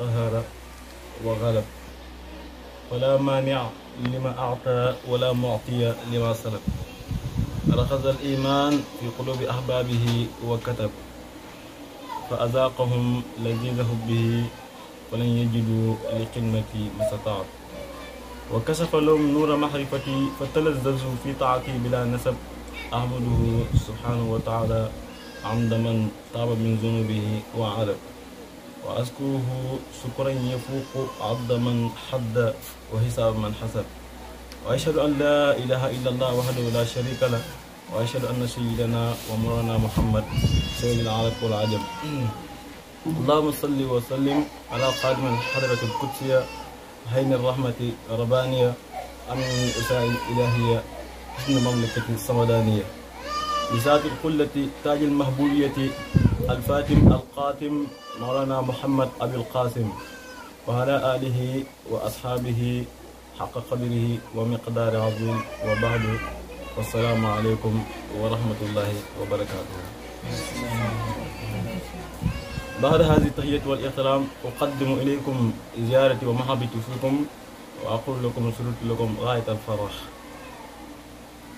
قهر وغلب ولا مانع لما أعطى ولا معطي لما سلب رخز الإيمان في قلوب أحبابه وكتب فأذاقهم لذيذ حبه ولن يجدوا لقمة ما استطاعوا وكشف لهم نور محرفتي فتلذذوا في طاعتي بلا نسب أحمده سبحانه وتعالى عند من تاب من ذنوبه وعلب وأذكره شكرا يفوق عبد من حد وحساب من حسب وأشهد أن لا إله إلا الله وحده لا شريك له وأشهد أن سيدنا ومولانا محمد سيد العرب والعجم اللهم صل وسلم على قادم الحضرة القدسية هين الرحمة ربانية أمن الإساءة الإلهية حسن المملكة الصمدانية بذات القلة تاج المهبولية الفاتم القاتم مولانا محمد أبي القاسم وعلى آله وأصحابه حق قدره ومقدار عظيم وبعد والسلام عليكم ورحمة الله وبركاته بعد هذه التحية والإحترام أقدم إليكم زيارتي ومحبتي فيكم وأقول لكم سررت لكم غاية الفرح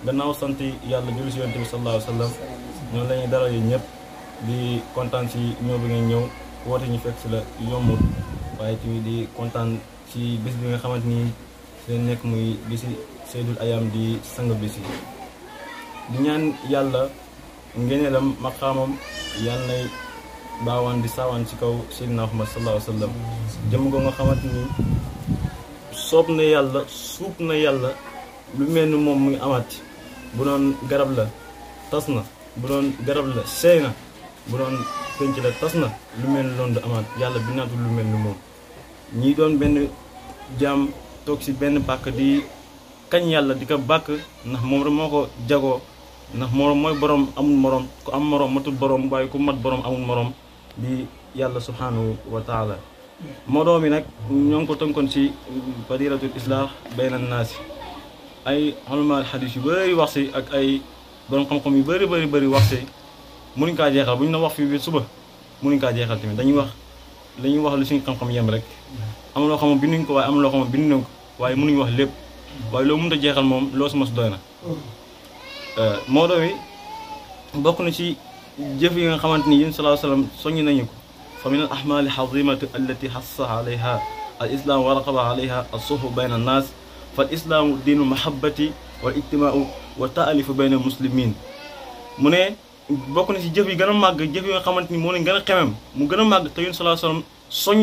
gannaaw sant yàlla julli si yonent bi sallallahu alayhi wa sallam ñoo la ñuy dara yi ñëpp di kontaan si ñëw bi ngeen ñëw woote ñu fekk si la yombul waaye tamit di kontaan ci bés bi nga xamante ni seen nekk muy bési Seydul Ayam di sang bési di ñaan yàlla ngeneelam maqaamam yàlla nay baawaan di saawaan ci kaw Seydina Muhammad sallallahu alayhi wa sallam jëm ko nga xamante ni soob na yàlla suub na yàlla lu mel ni moom muy amaat bu doon garab la tas na bu doon garab la seey na bu doon penc la tas na lu mel loolu du amaat yàlla binaatul lu mel ni moom ñi doon benn jaam toog ci benn bàkk di kañ yàlla di ko bàkk ndax moom rek moo ko jagoo ndax moom mooy borom amul morom ku am moroom matul borom waaye ku mat borom amul moroom di yàlla subhanahu wa taala modoo nag ñoo ngi ko tënkoon si fadiratul islah bayna naasi ay xolmaal xadis yu bëri wax si ak ay borom xam-xam yu bëri bëri bëri wax mënuñ kaa jeexal bu ñu la wax fii bi suba mënuñ kaa jeexal tamit dañuy wax dañuy wax lu suñu xam-xam yem rek am loo xam ne binduñ ko waaye am loo xam ne binduñ ko waaye mënuñ wax lépp waaye loo mënta a jeexal moom loo su mos doy na Maodo wi bokk na ci jëf yi nga xamante ni yéen salaa salaam soññ nañu ko fa min al ahmaali xazimatu allati xassa alayha al islam wa raqaba alayha al suhu bayna annaas fa al islam dinu mahabbati wal ijtimaau wa taalifu bayna al muslimin mu ne bokk na ci jëf yi gën a màgg jëf yoo xamante ni moo leen gën a xemem mu gën a màgg te yun sallallahu alayhi wasallam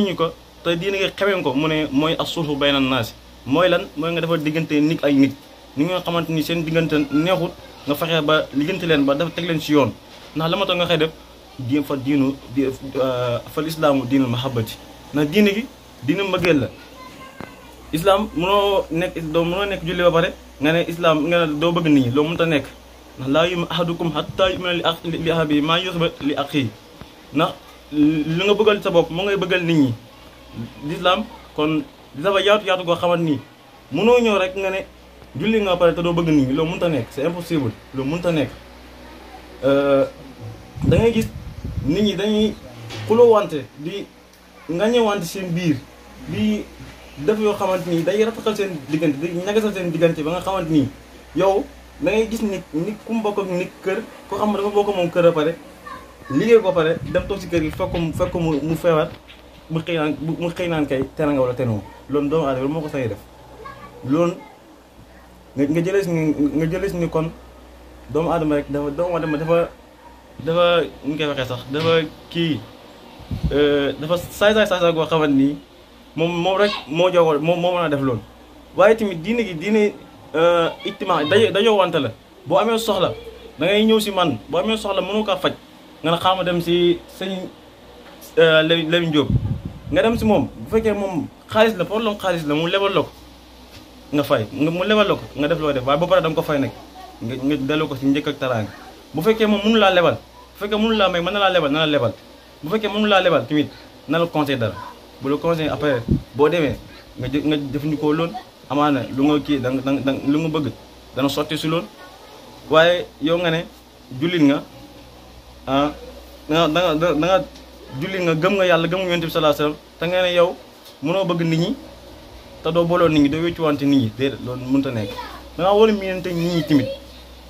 soññu ko te diina nga xemem ko mu ne mooy as-sulhu bayna naas mooy lan mooy nga defal diggante nit ay nit ni nga xamante ni seen diggante neexut nga fexe ba liggante leen ba def teg leen ci yoon ndax la ma tax nga xëy def di fa diinu di euh, fal islaamu diinul mahabbati ndax diine gi diina mbëggeel la islam mënoo nekk doo mënoo nekk julli ba pare nga ne islam nga ne doo bëgg nit ñi loolu mënta nekk ndax laa yu'min ahadukum hattaa yu'mina li ak li ahabi maa yusba li akhi ndax li nga bëggal sa bopp moo ngay bëggal nit ñi lislaam kon li dafa yaatu yaatu koo xamante ni mënoo ñëw rek nga ne julli nga pare te doo bëgg nit ñi loolu mënut a nekk c'est impossible loo mënut a nekk euh, dangay gis nit ñi dañuy xuloo wante di ngañewante seen biir di def yoo xamante ni day rafetal seen diggante di ñagasal seen diggante ba nga xamante nii yow da ngay gis nit nit ku mu bokk ak nit kër koo xam ne dafa bokk moom kër a pare liggéey ko pare dem toog si kër gi fekk mu fekk mu mu feebar mu xëy naan mu xëy naan kay tena wala tenoo loolu doomu aadama moo ko say def loolu nga jëlee si nga jëlee si ni kon doomu aadama rek dafa doomu aadama dafa dafa ñu koy waxee sax dafa kii euh, dafa saay saay saay saay goo xamante nii moom moom rek moo jox moom moo man a def loolu waaye tamit diine gi diine Euh, ictimaa daje dañoo wante la boo amee soxla da ngay ñëw si man boo amee soxla mënu kaa faj nga ne xaama dem si sëñ euh, Lamine Diop nga dem si moom bu fekkee moom xaalis la problème xaalis la mu lebal la ko nga fay mu lebal la nga def loo def waaye ba pare danga ko fay nag nga nga delloo ko si njëkk ak taraanga bu fekkee moom mënu laa lebal bu fekkee mënu laa may mën na laa lebal naa la lebal bu fekkee mënu laa lebal tamit na la conseil dara bu la conseil après boo demee nga nga jëfandikoo loon amaana lu nga kii da nga da lu nga bëgg dana sotti si loolu waaye yow nga ne jullit nga ah da da nga nga gëm nga yàlla gëm nga yonent bi sallallahu te nga yow mënoo bëgg nit ñi te doo booloo nit ñi doo wéccuwante nit ñi déedéet loolu mënut a nekk da ngaa war a miinante nit ñi tamit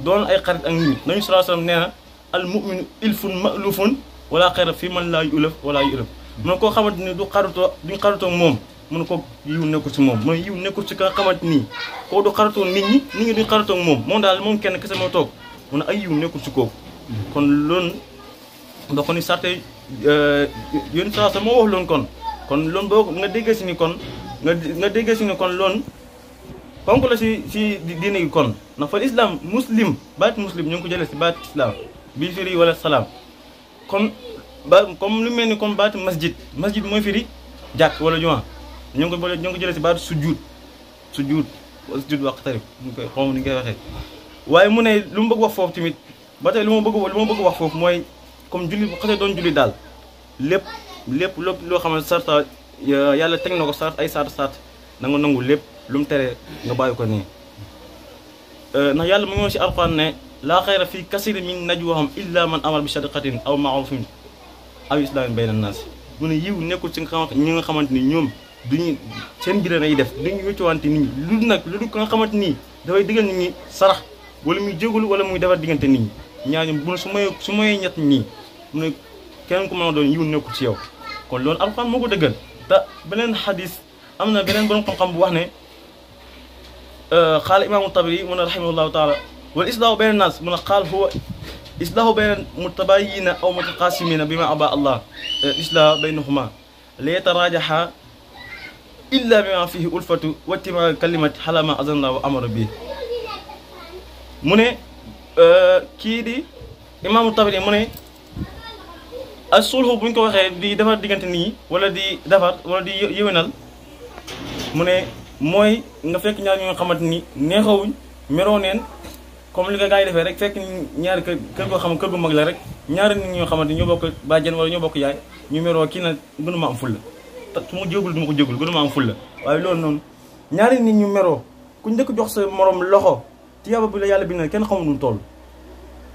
doon ay xarit ak nit ñi nañu sallallahu alayhi wasallam nee na al mu'minu ilfun ma'lufun wala xayra fi man laa yulaf wala yulaf mun koo xamante ni du xaritoo duñ xaritoo moom mun ko yiw nekkul si moom mun yiw nekkul si ka xamante nii koo du xaratoo nit ñi nit ñi duñ xaratoo moom moom daal moom kenn kese moo toog mun ay yiw nekkul si kooku kon loolu ndox ni sarte yoon saa sa moo wax loon kon kon loolu boo nga déggee si ni kon nga nga déggee si ni kon loon ponk la si si diine gi kon ndax fal islam muslim baat muslim ñu ngi ko jëlee si baat islam bi firi wala salaam kon ba comme lu mel ni comme baat masjid masjid mooy firi jàkk wala jumaa ñoo ngi ko ñoo ngi ko jëlee si baatu sujjuut sujjuut sujjuut wax tarif ñu koy xaw ma ni ñu waaye mu ne lu mu bëgg wax foofu tamit ba te lu ma bëgg lu ma bëgg wax foofu mooy comme julli bu xasee doon julli daal lépp lépp lépp loo xam ne sarta yàlla teg na ko sart ay sart sart na nga nangu lépp lu mu tere nga bàyyi ko nii euh, ndax yàlla mu ngi woon si alxuraan laa xayra fii kasirin min najwahum illa man amar bi sadaqatin aw maarufin aw islaamin bayna naas mu ne yiw nekkul si nga xamante ñi nga xamante ni ñoom duñu seen biir lay def duñu wéccuwante nit ñi lu nag lu du nga xamante nii dafay digal nit ñi sarax wala muy jégalu wala muy defar diggante ni ñi bu su su may ñett nii mu ne kenn ku mën doon yiw nekkul ci yow kon loolu alxuraan moo ko dëggal te beneen xadis am na beneen borom xam bu wax ne xaala euh, imaamu tabari mu ne rahimahullahu taala wala islaahu bayna naas mu ne xaal huwa islaahu bayna mutabayina aw mutaqasimina bi ma aba allah euh, islah baynahuma lee taraajaxa إلا بما فيه ألفة واتما كلمة حلا ما أذن الله وأمر به مني أه كيدي إمام الطبري مني الصلح بينك وخير دي دفر دي كنتني ولا دي دفر ولا دي يوينال مني موي نفيك نيار نيو خمتني نيخوين ميرونين كم لغا غاية دفع رك فيك نيار كرغو خم كرغو مغلا رك نيار نيو خمتني نيو بوك باجان ولا نيو بوك ياي نيو ميرو كينا بنو مأمفول نيو te su ma jégul du ko jégul gënu ma am fulla waaye loolu noonu ñaari nit ñu meroo ku njëkk jox sa morom loxo tiyaaba bi la yàlla bi ne kenn xamul nu toll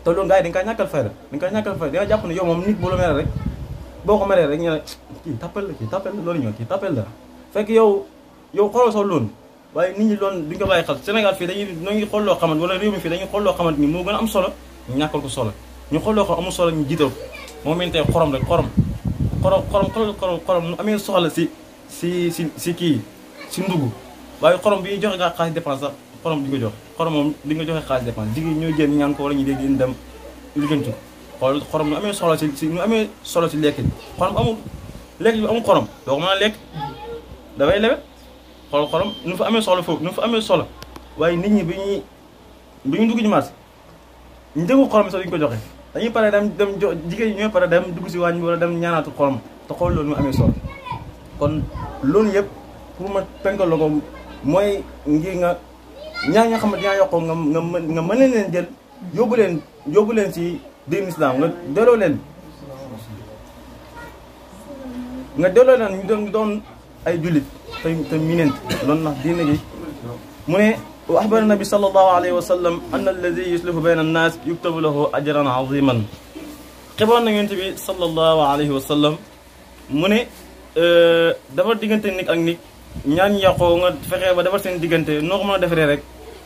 te loolu gars yi dañ kaa ñàkkal fayda dañ kaa ñàkkal fayda da nga jàpp ne yow moom nit bu la ko meree rek ñu ne kii tappel la loolu ñoo kii tappel la fekk yow yow xooloo sax loolu waaye nit ñi loon duñ ko bàyyi xel Sénégal fii dañuy dañuy xool loo xamante wala réew mi fii dañuy xool loo xamante ni moo gën a am solo ñu ñàkkal ko solo ñu xool loo xam amul solo ñu jiital moom it tey xorom rek xorom xorom xorom xorom xorom nu amee soxla si si si si kii si ndugg waaye xorom bi ñuy joxe nga xaalis dépense sax xorom di ko nga joxe xaalis dépense jigéen ñooy jël ñaan ko wala ñu dégg ñu dem liggéeyantu xool xorom nu amee soxla si si nu amee solo si lekk bi xorom amul lekk bi amul xorom doo ma mën a lekk dafay lewet xool nu fa amee soxla foog nu fa amee solo waaye nit ñi bi ñuy bi ñu dugg ci marché ñu dégg xorom bi ko joxe dañuy pare dem dem jo jigéen ñi ñooy pare dem dugg si waañ bi wala dem ñaanaatu xolam te xool loolu mu amee sol kon loolu yépp pour ma tënkal la ko mooy ngir nga ñaa nga xam ne dinaa yokkoo nga nga mën nga mën leen jël yóbbu leen yóbbu leen si diin islam nga delloo leen nga delloo leen ñu doon ñu doon ay jullit te te minent loolu ndax diine gi mu ne وأخبر النبي صلى الله عليه وسلم أن الذي يسلف بين الناس يكتب له أجرا عظيما xibaar na yonent bi sallallahu alayhi wa sallam mu ne defar diggante nit ak nit ñaan yàqoo nga fexe ba defar seen diggante noo ko mën a defaree rek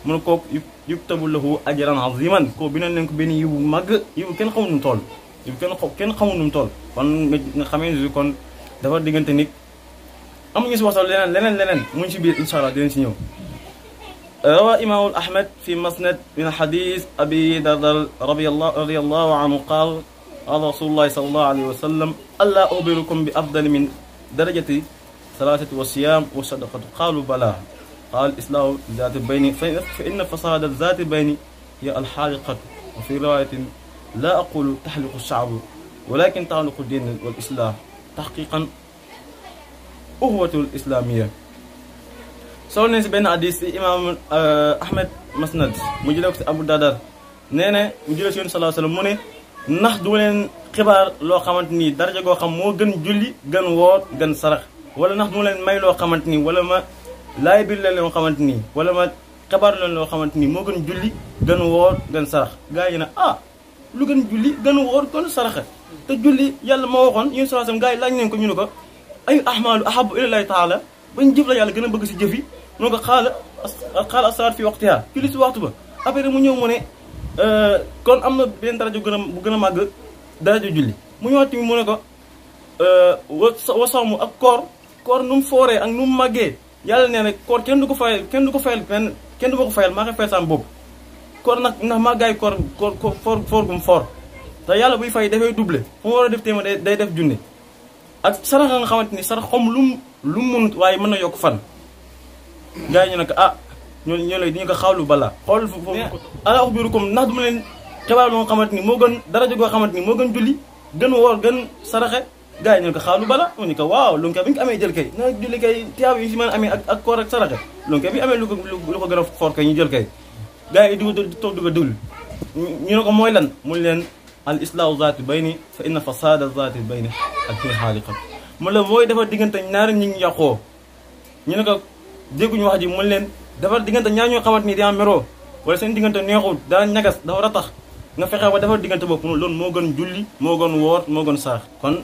mu ne kooku yuktabu lahu ajran aziman koo bi nañ ko benn yiwu màgg yiwu kenn xamul nu toll yiwu kenn kenn xamul nu toll kon nga xamee ni kon defar diggante nit amuñu si waxtaan leneen leneen leneen mu ngi si biir incha allah dinañ si ñëw روى إمام أحمد في مسند من حديث أبي دردل رضي الله, رضي الله عنه قال قال رسول الله صلى الله عليه وسلم ألا أخبركم بأفضل من درجة ثلاثة وصيام وصدقة قالوا بلى قال إصلاح ذات البين فإن فساد الذات البين هي الحالقة وفي رواية لا أقول تحلق الشعب ولكن تعلق الدين والإصلاح تحقيقا أهوة الإسلامية sol nañ si benn hadis si imaam euh, Ahmed Masnad mu jëlee ko si Abu Dadar nee na mu jëlee si yoon sallallahu alayhi wasallam mu ne ndax du leen xibaar loo xamante ni daraja goo xam moo gën julli gën woor gën sarax wala nax du leen may loo xamante ni wala ma laay biir leen loo xamante ni wala ma xabaar leen loo xamante ni moo gën julli gën woor gën sarax gars yi ne ah lu gën julli gën woor gën saraxa te julli yàlla moo waxoon yoon sallallahu alayhi wasallam laaj nañ ko ñu ne ko ay ahmaalu ahabu ilallahi taala bañ yàlla gën a bëgg si jëf mun ko xaala xaala asalaat fi waxtiha julli si waxtu ba après mu ñëw mu ne euh, kon am na benn daraja gën a bu gën a màgg daraja julli mu ñëwaat tamit mu ne ko euh, wa sawmu ak koor koor nu mu fooree ak nu mu màggee yàlla nee na koor kenn du ko fayal kenn du ko fayal benn kenn du ma ko fayal boobu koor nag ndax màggaay koor koor foor foor gum foor te yàlla buy fay dafay doublé fu war a def téeméer day def junne ak sarax nga xamante ni sarax xom lu mu lu mu waaye mën na yokk fan gaay ñu nak ah ñu ñu lay di ñu ko xawlu balaa xool ala ubirukum ndax duma len xibaar mo xamanteni mo gën dara goo xamante ni moo gën julli gën wor gën saraxe gaay ñu ko xawlu bala mu ko waaw lu ngi amé jël kay na julli kay tiyaw yi ci man amé ak ak koor ak saraxe lu ngi amé lu ko lu ko gëna xor kay ñu jël kay gaay yi duma to duga dul ñu ne ko moy lan mu len al islahu zati bayni fa inna fasada zati bayni ak fi xaaliqat mu la moy dafa diggante ñaari ñu ngi yàqoo ñu ne ko dégguñu wax ji mën leen dafa diggante ñaa ñoo xamante ni di am meroo wala seen diggante neexul daa ñagas dafa tax nga fexe ba dafa diggante bopp loolu moo gën julli moo gën woor moo gën saax kon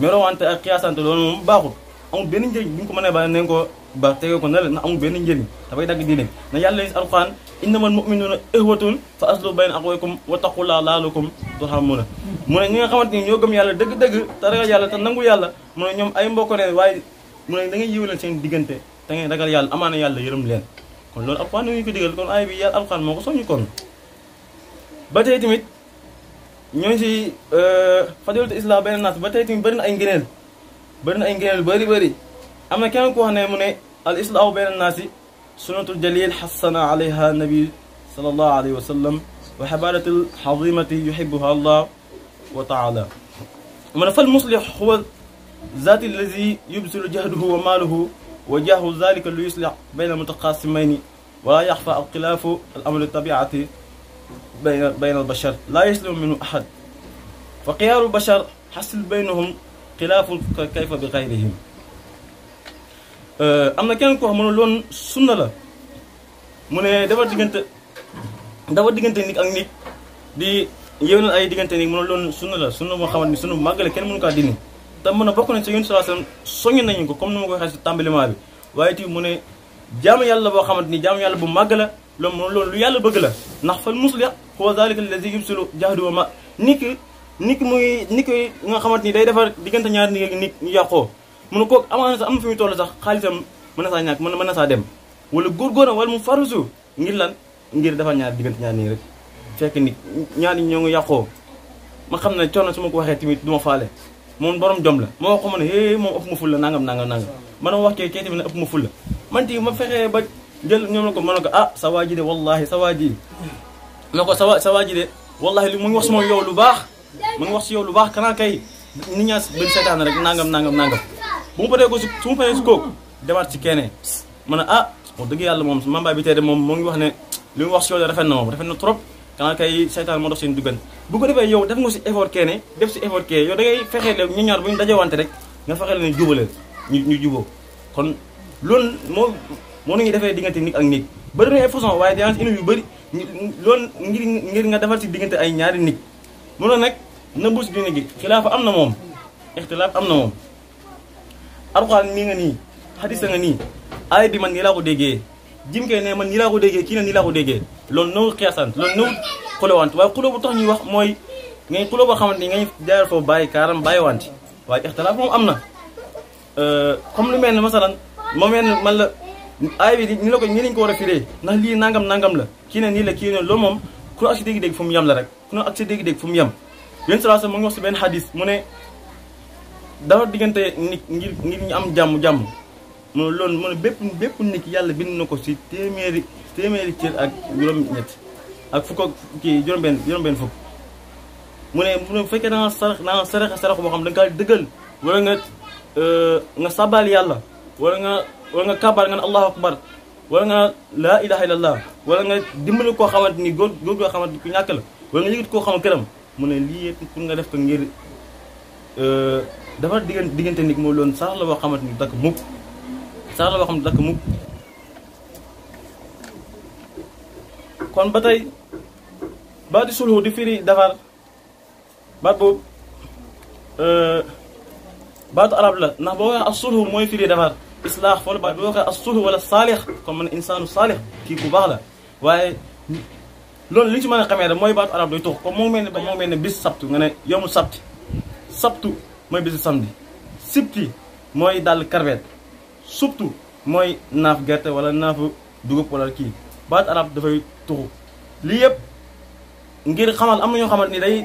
merowante ak xiyaasante loolu moom baaxul amul benn njëriñ bu ñu ko mënee baax nañ ko ba tege ko na la na amul benn njëriñ dafay dagg diine na yàlla ni alquran innamal mu'minuuna ixwatun fa aslu bayna axwaykum wa taqullaa laalakum turhamuuna mu ne ñi nga xamante ni ñoo gëm yàlla dëgg-dëgg te ragal yàlla te yàlla mu ñoom ay mbokk waaye mu ne da ngay yiw leen seen diggante da ngeen ragal yàlla amaana yàlla yërëm leen kon loolu alxuraan ñu ko digal kon aay bi yàlla alxuraan moo ko soññu kon ba tey tamit ñoo si fadilatu islam benn naas ba tey tamit bëri na ay ngëneel bëri na ay ngëneel bëri bëri am na kenn ku wax ne mu ne al islam benn naas yi sunnatul jalil xasana alayha nabi sallallahu alayhi wa sallam wa xabaaratul xazimati yuxibuha allah wa taala mu ne fal muslix huwa zaati allazi yubsilu jahduhu wa maaluhu وجهه ذلك ليصلح بين المتقاسمين ولا يخفى الخلاف الامر الطبيعي بين بين البشر لا يسلم منه احد فقيار البشر حصل بينهم خلاف كيف بغيرهم أه، ام كان كو من لون سنه لا من دابا ديغنت دابا ديغنت نيك اك نيك دي يونال اي ديغنت نيك من لون سنه لا سنه مو خامل سنه ماغلا كين منو كا ديني te mën a bokk nañ sa yonent sallallahu alayhi wasallam nañu ko comme ni ma ko waxee si tàmbaliment bi waaye ti ne jaamu yàlla boo xamante ni jaamu yàlla bu màgg la loolu moom loolu lu yàlla bëgg la nax fal musli huwa zalika allazi yubsilu jahdu wa ma ni ki ni ki muy ni ki nga xamante ni day defar diggante ñaari nit nit ñu yàqoo mun kooku amaana sax am na fi muy toll sax xaalisam mën na saa ñàkk mën na saa dem wala góorgóoram wala mu farusu ngir lan ngir defar ñaari diggante ñaari nii rek fekk nit ñaari ñoo ngi yàqoo ma xam ne coono su ma ko waxee tamit du ma faale moom borom jom la ma wax ko ma ne hé moom ëpp ma ful la nangam nangam nangam man ma wax cee cee tamit ne ma ful la man ti ma fexee ba jël ñoom la ko man ne ko ah sa waa ji de wallaahi sa waa ji ma ko sa waa sa waa ji de wallaahi li mu ngi wax sama yow lu baax mu ngi wax si yow lu baax kanaa kay nit ñaa bañ seetaan rek nangam nangam nangam bu mu paree ko si su mu paree si kooku demaat si keneen ma ah wax dëgg yàlla moom mambaay bi tey de moom moo ngi wax ne mu wax si yow de na moom rafet na trop xanaa kay setan mo dox seen dugal bu ko defé yow def nga ci effort kee def ci effort kee yow da ngay fexé le ñu ñor buñu ñu dajewante rek nga fexé le ñu jubaleel ñu ñu juboo kon lool mo mo nañu defé digënté nit ak nit ba na ay façon waaye dinaa si inu yu bari lool ngir ngir nga defar ci digënté ay ñaari nit mu ne nak na bus bi ngi khilafa amna mom ikhtilaf amna mom am mi nga ni hadith nga ni ay bi man ni la ko déggé jim kay ne man nii laa ko déggee kii ne nii laa ko déggee loolu nawul xeesant loolu nawul xulowante waaye xulo bu tax ñuy wax mooy ngay xulo boo xamante ni ngay jaar foofu bàyyi kaaram bàyyi wante waaye ixtilaaf moom am na euh, comme lu mel ne masalan moo mel ne man la aay bi ni la ko ñi lañ ko war a firee ndax lii nangam nangam la kii ne nii la kii ne loolu moom ku ne ak si dégg-dégg fu mu yem la rek ku ne ak si dégg-dégg fu mu yem yén salaa mu ngi si benn xadis mu ne dafa diggante nit ngir ngir ñu am jàmm jàmm moom loolu mu ne bépp bépp nit yàlla bind na temeri si téeméeri téeméeri ak juróom-ñett ak fukk ak kii juróom-benn juróom-benn fukk mu ne mu ne na fekkee da nga sarax da nga sarax sarax boo xam da nga kaa wala nga euh, nga sabal yàlla wala nga wala nga kabaar nga allah akbar wala nga laa ilaha illallah wala nga dimbali ko xamante ni go góor koo xamante ku ñàkk la wala nga yëgit ko xam këram mu ne lii yëpp pour nga def ko ngir euh, dafa diggante nit mo lon sax la wax xamanteni ni mukk sax la boo xam ne dakk mukk kon ba baat di sulhu di firi defar baat boobu euh, baatu arab la ndax boo waxee as-sulhu mooy firi defar islaax foofu baat boo waxee as-sulhu wala saalix kon man insaanu saalix kii ku baax la waaye loolu li ñu ci mën a xamee rek mooy baatu day tux comme moo mel ne moo mel ne bis sabtu nga ne yomul sabti sabtu mooy bisu samedi sibti mooy dàll karbeet surtout mooy naaf gerte wala naafu dugub wala kii baat arab dafay tuxu lii yëpp ngir xamal am na ñoo xamal ni day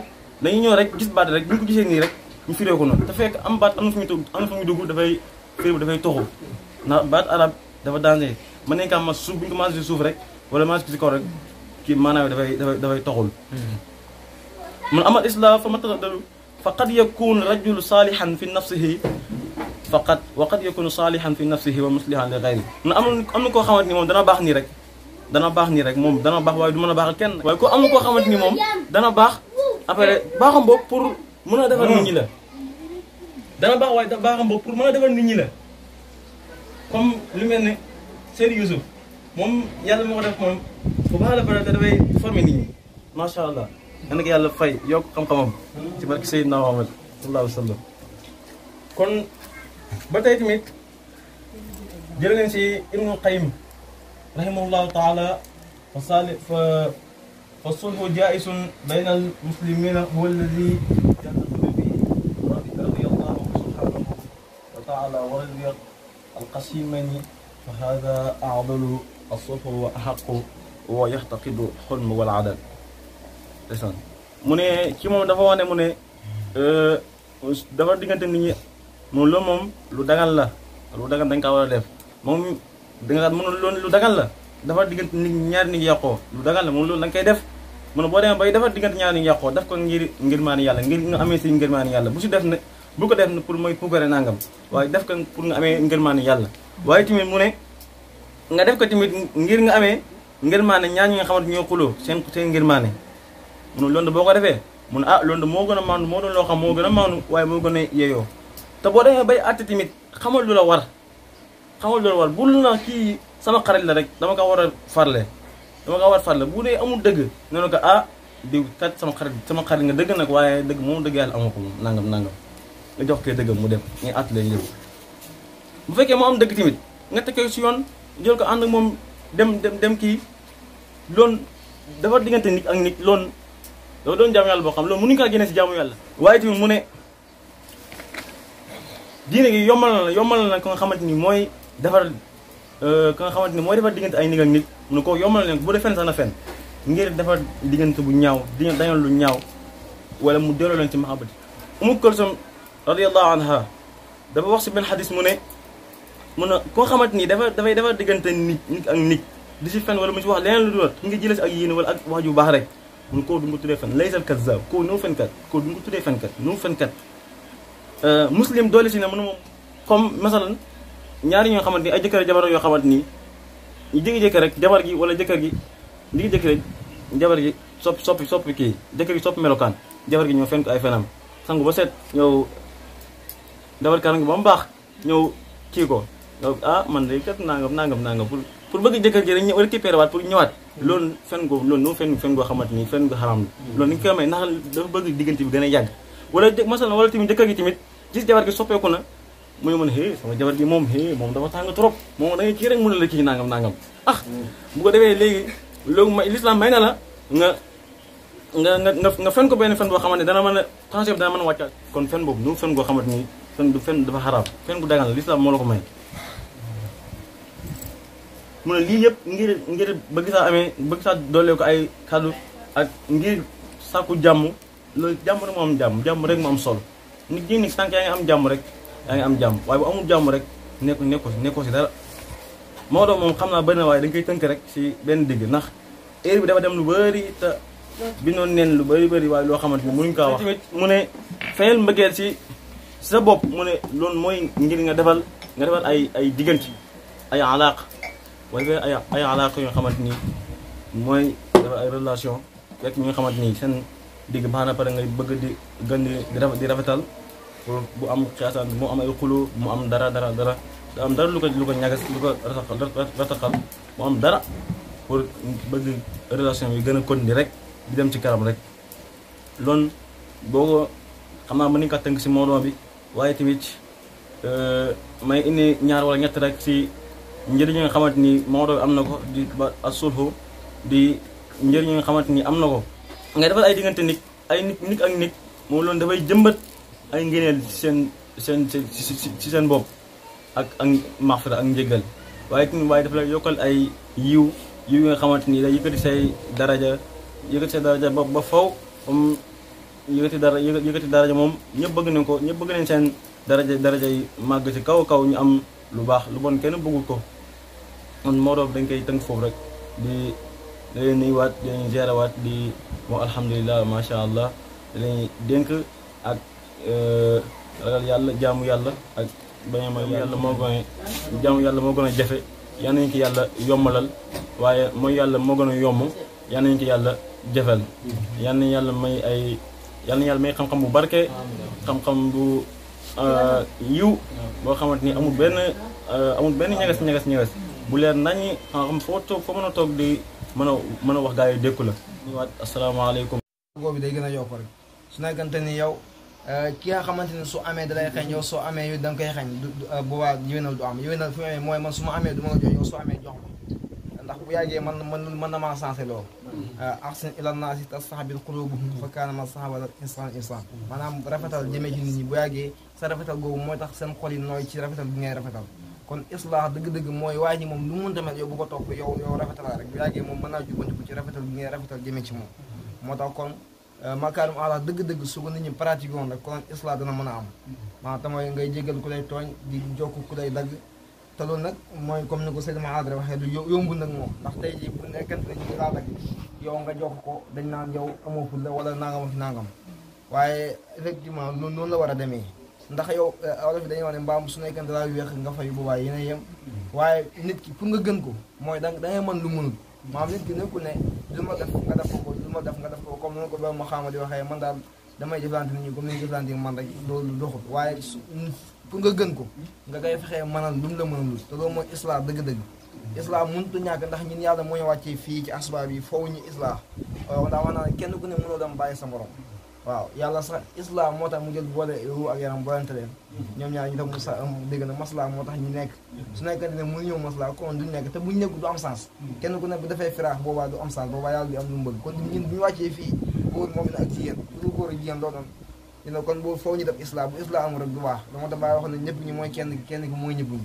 dañuy ñëw rek gis baat rek bu ñu ko gisee nii rek mu firee ko noonu te fekk am baat am na fu muy am dafay dafay tuxu ndax baat arab dafa danger mën nañ kaa ma suuf bu ñu ko mas suuf rek wala mas ko si kaw rek kii maanaam dafay dafay dafay toxul mun hmm. amal islam fa ma tadalu fa qad yakun rajulu salihan fi nafsihi faqat waqat yakunu salihan fi nafsihi wa muslihan li ghayri na am am na koo xamante ni moom dana baax nii rek dana baax nii rek moom dana baax waaye du mën a baaxal kenn waaye ko am na koo xamante ni moom dana baax après baaxam boobu pour mën a defar nit ñi la dana baax waaye baaxam boobu pour mën a defar nit ñi la comme lu mel ne Seydou Youssouf moom yàlla moo ko def moom bu baax la pare te dafay former nit ñi macha allah na nag yàlla fay yokk xam-xamam ci barke Seydina Muhammad sallallahu alayhi wa sallam kon باتاي تيميت جيل نين سي ابن القيم رحمه الله تعالى فصال ف فالصلح جائز بين المسلمين هو الذي تعالى ورزق القسيمين فهذا أعضل الصفر وأحق ويعتقد حلم والعدل لسان مني كي مو دفعوني مني دفع دي mulu mom moom lu dagan la lu dagan dañ ka war def moom danga xam mënul loolu lu dagan la dafa diggante nit ñaari nit lu dagan la moom loolu da nga def mu bo boo demee bay dafa diggante ñaari nit yàqoo def ko ngir ngir maani yàlla ngir nga amee si ngir maani yàlla bu si def ne bu ko def ne pour mooy puukare nangam waaye def ko pour nga amee ngir maani yàlla waaye tamit mu ne nga def ko tamit ngir nga amee ngir maane ñaar ñi nga xamante ñoo xuloo seen seen ngir maane mu ne loolu boo ko defee ya? ah loolu moo gën a maandu moo doon loo xam moo gën a maandu waaye moo iya yeyoo ta bo demee ya, bay àtte timit xamal lula war xamal lula war bul na ki sama xarit la rek dama ko wara farle dama ko war farle bu amu amul deug nono ko ah diw kat sama xarit sama xarit nga deug nak waye deug mo deug yàlla amako nangam nangam nga jox ke deug mu dem ni àtte lay ñew bu fekke mo am deug timit nga tekkee ci yoon jël ko and ak mom dem dem dem ki, lon dafa digante nit ak nit lon do doon jaamu yalla bo xam loolu mënuñu ka gene si jaamu yalla waye tamit mu diine gi yombal na la yombal na la ko nga xamante ni mooy defar ka nga xamante ni mooy defar diggante ay nit ak nit mu ne kooku yombal na leen bu dee fen sax na fen ngir defar diggante bu ñaaw di dañal lu ñaaw wala mu delloo leen ci mahabati umu kulsum radiallahu anha dafa wax si benn xadis mu ne mu ne koo xamante ni dafa dafay defar diggante nit nit ak nit di si fen wala mu si wax leneen lu dul nga jëlee si ak yéene wala ak wax ju baax rek mu ne kooku du nga tuddee fen laysal kazzab kooku noo fenkat kooku du nga tuddee fenkat noo fenkat Euh, muslim doole si ne mënu moom comme masalan ñaari ñoo xamante ni ay jëkkër jabar yoo xamante ni ñu jékki-jékki rek jabar gi wala jëkkër gi jékki-jékki rek jabar gi sopp soppi soppi kii jëkkër gi sop melokaan jabar gi ñoo fenk ay fenam sangu ba set ñëw dabar karam gi ba mu baax ñëw kii ko ah man day kat nangam nangam nangam pour pour bëgg jëkkër gi rek wala récupéré waat pour ñëwaat loon fen go loon no fen fen go xamante ni fen haram xaram la ni ñu koy amee dafa bëgg diggante bi gëna yagg wala masal wala timi jëkkër gi timit gis jabar gi ko na muy mon hé sama jabar gi mom hé mom dafa tang trop mom da ngay ki rek mu ne la ki nangam nangam ah bu ko defee légui loolu ma l'islam mayna la nga nga nga nga fen ko ben fenn bo xamanteni dana man a dana man a kon fenn bob nu fenn go xamanteni fenn du fenn dafa haram fenn bu dagal l'islam mo la ko may mu ne li yëpp ngir ngir bëgg sa amé bëgg sa dolé ko ay kàddu ak ngir sàkku jàmm loolu jàmm rek mo am jamm jamm rek mo am solo nit ñi nit tànk yaa ngi am jàmm rek yaa ngi am jàmm waaye bu amul jàmm rek nekku nekku nekkoo si dara Maodo moom xam naa bëri na waaye dañ tënk rek si benn digg ndax heure bi dafa dem lu bëri te bi noonu neen lu bari bari waaye loo xamante ni mënuñ kaa wax mu ne fayal mbëggeel si sa bopp mu ne mooy ngir nga defal nga defal ay ay diggante ay alaaq ay ay alaaq yoo xamante ni mooy defal ay relation rek ñi nga xamante ni seen dig bahana apa pare ngay bëgg di gën di di rafetal bu am xiasaan mu am ay xulu mu am dara dara dara da am dara lu ko lu ko ñagas lu ko rafetal mu am dara pour bëgg relation bi gëna kon di rek di dem ci karam rek lon boo ko ma ni ka nañu ci modon bi waye timit euh may indi ñaar wala ñett rek si njëriñ nga xamanteni ni amna am ko di asulhu di njëriñ yi nga xamanteni ni am ko nga defal ay diggante nit ay nit nit ak nit moom loolu dafay jëmbat ay ngëneel ci seen seen ci seen bopp ak ak maxfira ak njëggal waaye tamit waaye daf lay yokkal ay yiw yiw yi nga xamante ni day yëkkati say daraja yëkkati say daraja ba ba faw comme yëkkati dara yëkkati daraja moom ñëpp bëgg nañ ko ñëpp bëgg nañ seen daraja daraja yi màgg ci kaw kaw ñu am lu baax lu bon kenn bëggul ko man moo dañ koy tënk foofu rek da leen nuyuwaat di leen gérewaat di moom alhamdulilah macha allah da leen dénk ak eh, ragal yàlla jaamu yàlla ak bañ a mooy yàlla moo gën a jaamu yàlla moo gën jafe yal nañu ko yàlla yombalal waaye mooy yàlla moo gën a yomb yal ko yàlla jafel yàlla may ay yal yàlla may xam-xam bu barke xam-xam bu eh, yiw boo xamante ni amul benn eh, amul benn ñeges ñeges ñeges bu leer nañi xam foo toog foo mën a toog di mën a mën a wax gars yi dékku la ñu waat asalaamaaleykum bi day gën a yokk rek su nekkante ni yow eh, ki nga xamante ne su amee dalay xañ yow soo amee yow da nga koy xañ eh, boobaa yéwénal du am yéwénal fu amee mooy man su ma amee du ma la jox amee jox ma ndax bu yàggee man man mën na maa sensé loolu eh, ahsin ilan naasi tasahbil qulubuhum fa kaana ma sahabal insan insan maanaam rafetal jëmee ci nit ñi bu yàggee sa rafetal googu mooy tax seen xol yi nooy ci rafetal bi ngay rafetal kon islaax dëgg-dëgg mooy waa ñi moom lu mu mënta mel yow bu ko topp yow yow rafetalaa rek bu yàggee moom mën naa jubbantiku ci rafetal bi ngay rafetal jëmee ci moom moo tax kon euh, makaarim ala dëgg-dëgg su ko nit ñi pratique woon dana mën a am maanaam tamooy ngay jégal ku lay tooñ di jokk ku lay dagg te loolu nag mooy comme ni ko Seydou Mahadra waxee du yomb nag moom ndax tey jii bu nekkante ne ñu laa dagg yow nga jox ko dañ naan yow amoo fulla wala nangam ak nangam waaye effectivement noonu la war a demee ndax yow eh, olof yi dañuy wax ne mbaam su nekkee dara weex nga fa bu baax yéen a yem waaye nit ki pour nga gën ko mooy da ngay mën lu mënul maa nit ki nekkul ne lu ma def def ko lu ma def nga def ko comme noonu ko ba ma xaama di waxee man daal damay jëflante nit ñi comme ni ñu man rek loolu doxul waaye pour nga gën ko nga koy fexee mënal lu mu la mënalul te loolu mooy islam dëgg-dëgg islam mënutu ñàkk ndax ñun yàlla moo ñu wàccee fii ci asbaab yi foofu ñu islam waaw ndax wax naa kenn ku ne mënoo dem bàyyi sa morom waaw yàlla sax islam moo tax mu jël boole ruuhu ak yaram boolante leen ñoom ñaar ñu tax mu sa dégg na masla moo tax ñu nekk su nekkee ne mënu ñëw masla kon duñ nekk te buñ nekk du am sens kenn ku nekk bu defee firaax boobaa du am sens boobaa yàlla du am lu mu bëgg kon ñun bu ñu wàccee fii góor moom na ak jigéen lu góor ak jigéen loolu dina kon boo foofu ñu def islam bu islam amul rek du baax dama ta bàyyi wax ne ñëpp ñi mooy kenn kenn ki mooy ñëpp ñi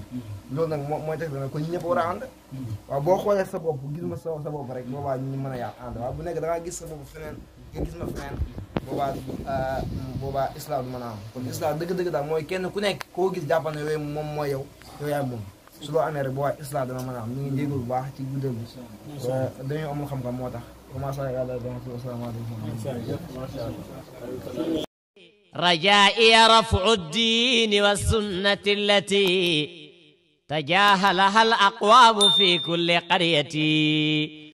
loolu nag mooy teg na kon ñu ñëpp war a ànd waaw boo xoolee sa bopp gis ma sa sa bopp rek boobaa ñu mën a yaa ànd waaw bu nekk da ngaa gis sa bopp feneen nga gis ma feneen boobaa boobaa islam du mën a am kon islam dëgg-dëgg daal mooy kenn ku nekk koo gis jàpp ne yooyu moom mooy yow yow yaay moom su loo amee rek boobaa islam dana mën a am ñu ngi jégalu bu baax ci guddal bi dañoo amul xam-xam moo tax commencé yàlla dana asalaamaaleykum رجائي رفع الدين والسنة التي تجاهلها الأقوام في كل قرية